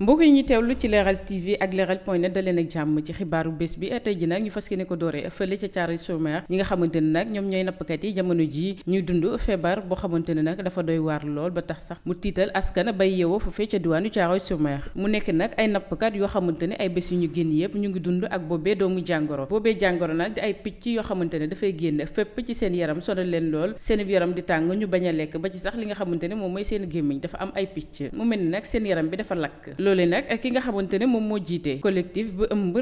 mbokk yi ñu teew lu ci leeral TV ak leeral point net da leen ak jàmm ci xibaaru bés bi tey ji nag ñu fas yéene ko dooree fële ca Thiaroye sur ñi nga xamante ne nag ñoom ñooy nappkat yi jamono jii ñuy dund feebar boo xamante ne nag dafa doy waar lool ba tax sax mu tiital askan bay yeewoo foofee ca diwaanu Thiaroye sur Mer mu nekk nag ay nappkat yoo xamante ne ay bés yu ñu génn yëpp ñu ngi dund ak boobee doomu jàngoro boobee jàngoro nag di ay picc yoo xamante ne dafay génn fépp ci seen yaram sonal leen lool seen yaram di tàng ñu bañ a lekk ba ci sax li nga xamante ne moom mooy seen gémmiñ dafa am ay picc mu mel ni nag seen yaram bi dafa lakk loole nag ki nga xamante ne moom moo jiite collectif bu ëmb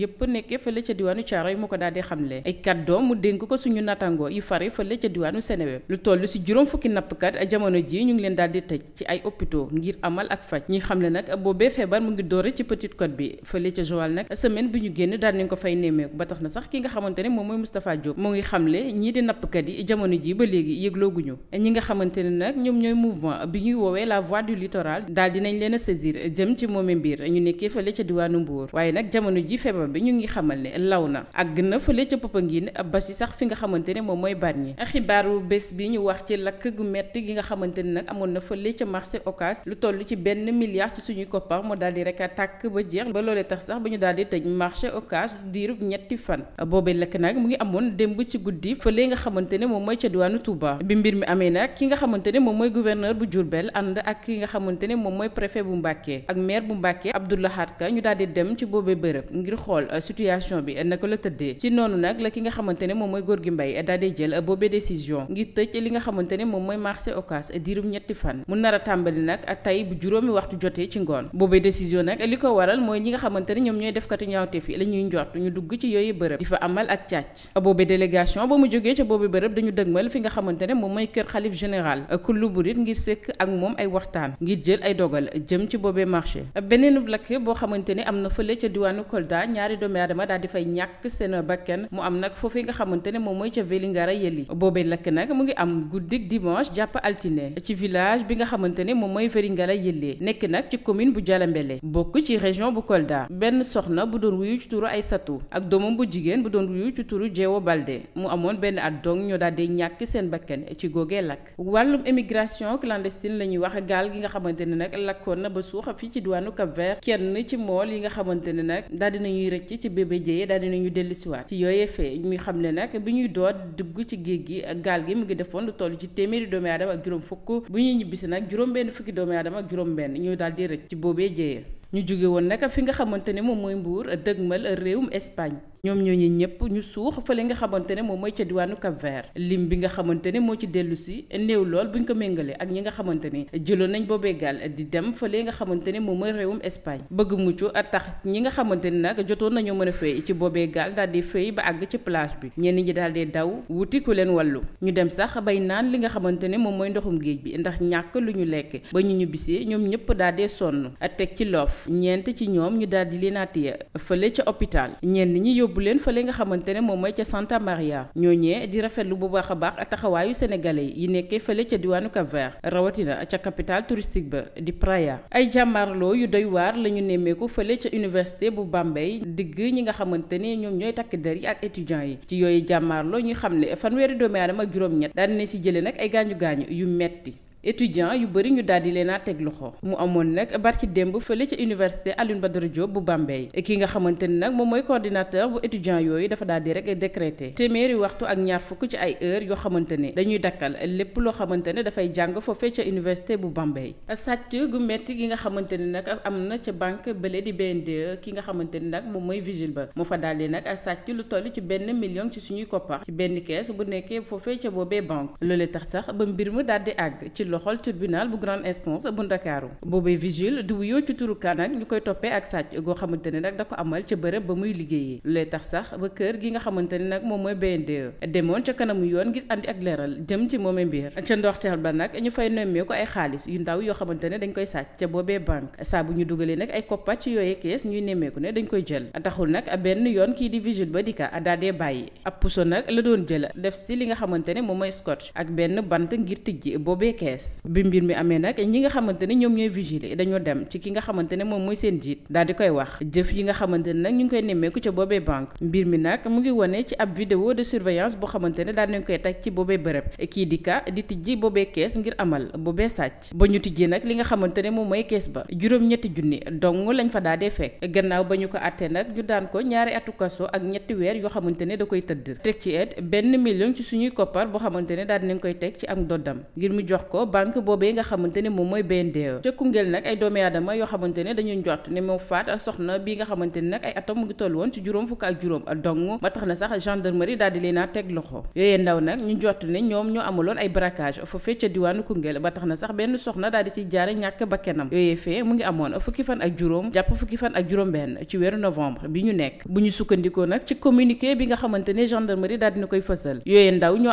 yëpp nekkee fële ca diwaanu Caaroy ko daal di xamle ay kàddoom mu dénk ko suñu nattangoo yu fare fële ca diwaanu Seneweb lu toll si juróom fukki nappkat jamono ji ñu ngi leen daal di tëj ci ay hôpitaux ngir amal ak xam ne nag boobee feebar mu ngi doore ci Petite Côte bi fële ca Joal nag semaine bi ñu génn daal nañ fay nemmeeku ba tax na sax ki nga xamante ne moom mooy Moustapha Diop mu ngi xamle ñii di nappkat yi jamono ji ba léegi yëglooguñu ñi nga xamante ne nag ñoom ñooy mouvement bi ñuy woowee la voix du littoral daal dinañ leen a saisir jëm ci moomi mbir ñu nekkee fële ca diwaanu waaye nag jamono ji feebar bi ñu ngi xamal ne law na ba si sax fi nga xamante moom mooy Bargny xibaaru bés bi gi nga xamante ne nag amoon na fële ca marché Ocass lu toll ci benn milliard ci a tàkk ba jeex ba ba ñu daal di tëj marché Ocass diirub ñetti fan boobee lakk mu ngi amoon démb ci guddi ne moom mooy ca diwaanu Touba bi mbir mi amee nag ki nga xamante ànd ak ki nga xamante moom mooy préfet bu Mbacké Mbacké ak maire bu Mbacké Abdou Lahad Ka ñu daal di dem ci boobee bërëb ngir xool euh, situation bi naka la tëddee ci noonu nag la ki nga xamante moom mooy Gorgui Mbaye daal di jël euh, boobee décision ngir tëj li nga xamante ne moom mooy marché Ocass diirum ñetti fan mu nar a tàmbali nag tey bu juróomi waxtu jotee ci ngoon boobee décision nag li ko waral mooy ñi nga xamante ne ñoom ñooy defkatu ñaawteef yi la ñuy njort ñu dugg ci yooyu bërëb di fa amal ak càcc boobee délégation ba mu jógee ca boobee bërëb dañu fi nga xamante ne moom mooy kër xalif général euh, kullu burit ngir sëkk ak moom ay boobee marché beneen lakk boo xamante ni am na fële ca diwaanu Kolda ñaari doomi aadama daal fay ñàkk seen bakken mu am nag foofee nga xamante ne moom mooy ca Vélingara Yelli boobee lakk nag mu ngi am guddik dimanche jàpp altine ci village bi nga xamante ne moom mooy Vélingara Yelli nekk nag ci commune bu Jalambele bokk ci région bu Kolda benn soxna bu doon wuyu ci turu ay satu ak doomam bu jigéen bu doon wuyu ci turu Jeewo Balde mu amoon benn at la ñuy wax gaal fii ci diwaanu Cap-Vert kenn ci mool yi nga xamante ne nag daal dinañuy rëcc ci bébé Dièye daal dinañu dellusiwaat ci yooyee fee muy xam ne nag bi ñuy doot dugg ci géej gi ak gaal gi mu ngi defoon lu toll ci téeméeri doomi aadama ak juróom fukk bu ñuy ñibbisi nag juróom benn fukki doomi aadama ak juróom benn ñoo daal di rëcc ci boobee Dièye ñu jóge woon nag fi nga xamante ne moom mooy Mbuur dëgmal réewum Espagne ñoom ñooñu ñëpp ñu suux fële nga xamante ne moom mooy ca diwaanu Cap Vert lim bi nga xamante ne moo ci dellu si néew lool buñ ko méngalee ak ñi nga xamante ne jëloon nañ boobee gaal di dem fële nga xamante ne moom mooy réewum Espagne bëgg mucc tax ñi nga xamante ne nag jotoon nañoo mën a ci boobee gaal daal di fay ba àgg ci plage bi ñenn ñi daal di daw wuti ku leen wàllu ñu dem sax bay naan li nga xamante ne moom mooy ndoxum géej bi ndax ñàkk lu ñu lekk ba ñu ñu ñoom ñëpp daal di sonn teg ci loof ñeent ci ñoom ñu daal di leen a téye fële ca yóbbu leen fële nga xamante ne moom mooy ca Santa Maria ñooñee di rafetlu bu baax a baax taxawaayu sénégalais yi nekkee fële ca diwaanu Cap-Vert rawatina ca capital touristique ba di Praia ay jàmmaarloo yu doy waar la ñu nemmeeku fëlee ca université bu Bambey digg ñi nga xamante ne ñoom ñooy takk der yi ak étudiants yi ci yooyu jàmmaarloo ñu xam ne fanweeri doomi aadama ak juróom-ñett daan ne si jëlee nag ay gaañu gaañu yu metti étudiant yu bëri ñu daal di leen a teg loxo mu amoon nag barki démb fële ca université Alioune Badara Diop bu Bambey ki nga xamante ni nag moom mooy coordinateur bu étudiant yooyu dafa daal di rek décrété téeméeri waxtu ak ñaar fukk ci ay heures yoo xamante ne dañuy dakkal lépp loo xamante ne dafay jàng foofee ca université bu Bambey sàcc gu metti gi nga xamante ne nag am na ca banque bële di BNDE ki nga xamante ni nag moom mooy vigile ba moo fa daal nag a sàcc lu toll ci benn million ci suñuy koppar ci benn kees bu nekkee foofee ca boobee banque loolee tax sax ba mbir mu daal àgg ci loxol tribunal bu grande instance bu Ndakaaru boobee vigile di wuyoo ci turu nag ñu koy toppee ak sàcc goo xamante ne nag da amal ca bërëb ba muy liggéeyee looy tax sax ba kër gi nga xamante ne nag moom mooy BNDE demoon ca kanamu yoon ngir andi ak leeral jëm ci moome mbir ca ndoxteel ba nag ñu fay nemmeeku ay xaalis yu ndaw yoo xamante ne dañ koy sàcc ca boobee banque saa bu ñu dugalee nag ay koppat ci yooyee kees ñuy nemmeeku ne dañ koy jël taxul nag a benn yoon kii di vigile ba di ka daa dee bàyyi ab puso nag la doon jël def si li nga xamante ne moom mooy scotch ak benn bant ngir tijji boobee kees bi mbir mi amee nag ñi nga xamante ne ñoom ñooy vigile dañoo dem ci ki nga xamante ne moom mooy seen jiit daal di koy wax jëf yi nga xamante ne nag ñu ngi koy nemmeeku ca boobee banque mbir mi nag mu ngi wone ci ab vidéo de surveillance boo xamante ne daal nañ koy teg ci boobee bërëb kii di ka di tijji boobee kees ngir amal boobee sàcc ba ñu tijji nag li nga xamante ne moom mooy kees ba juróom-ñetti junni dong lañ fa daal dee fekk gannaaw ba ñu ko àttee nag ñu daan ko ñaari atu kaso ak ñetti weer yoo xamante ne da koy tëdd teg ci et benn million ci suñuy koppar boo xamante ne daal nañ koy teg ci am doddam ngir jox ko banque boobee nga xamante ne moom mooy BNDE ca Koungheul nag ay doomi aadama yoo xamante dañu njott ne moo faat soxna bi nga xamante nag ay atam mu ngi toll woon ci juróom fukk ak juróom ba tax na sax gendarmerie daal di leen a teg loxo yooyee ndaw nag ñu njott ne ñoom ñoo amuloon ay na sax benn soxna daal di ci jaare ñàkk bakkanam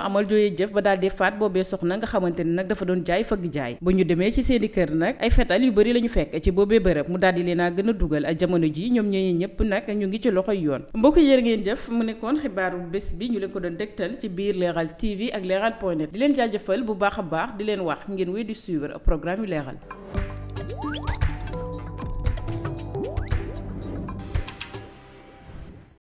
amal jooyee jëf ba daal faat boobee soxna nga xamante nag dafa doon jaay fëgg jaay ba ñu demee ci seeni kër nag ay fetal yu bëri la ñu fekk ci boobee bërëb mu daal di leen a gën a dugal a jamono ji ñoom ñooñu ñëpp nag ñu ngi ci loxoy yoon mbokk yër ngeen jëf mu nekkoon xibaaru bés bi ñu leen ko doon dégtal ci biir Leral TV ak Leral point net di leen jaajëfal bu baax a baax di leen wax ngeen wéy di suivre programme yu Leral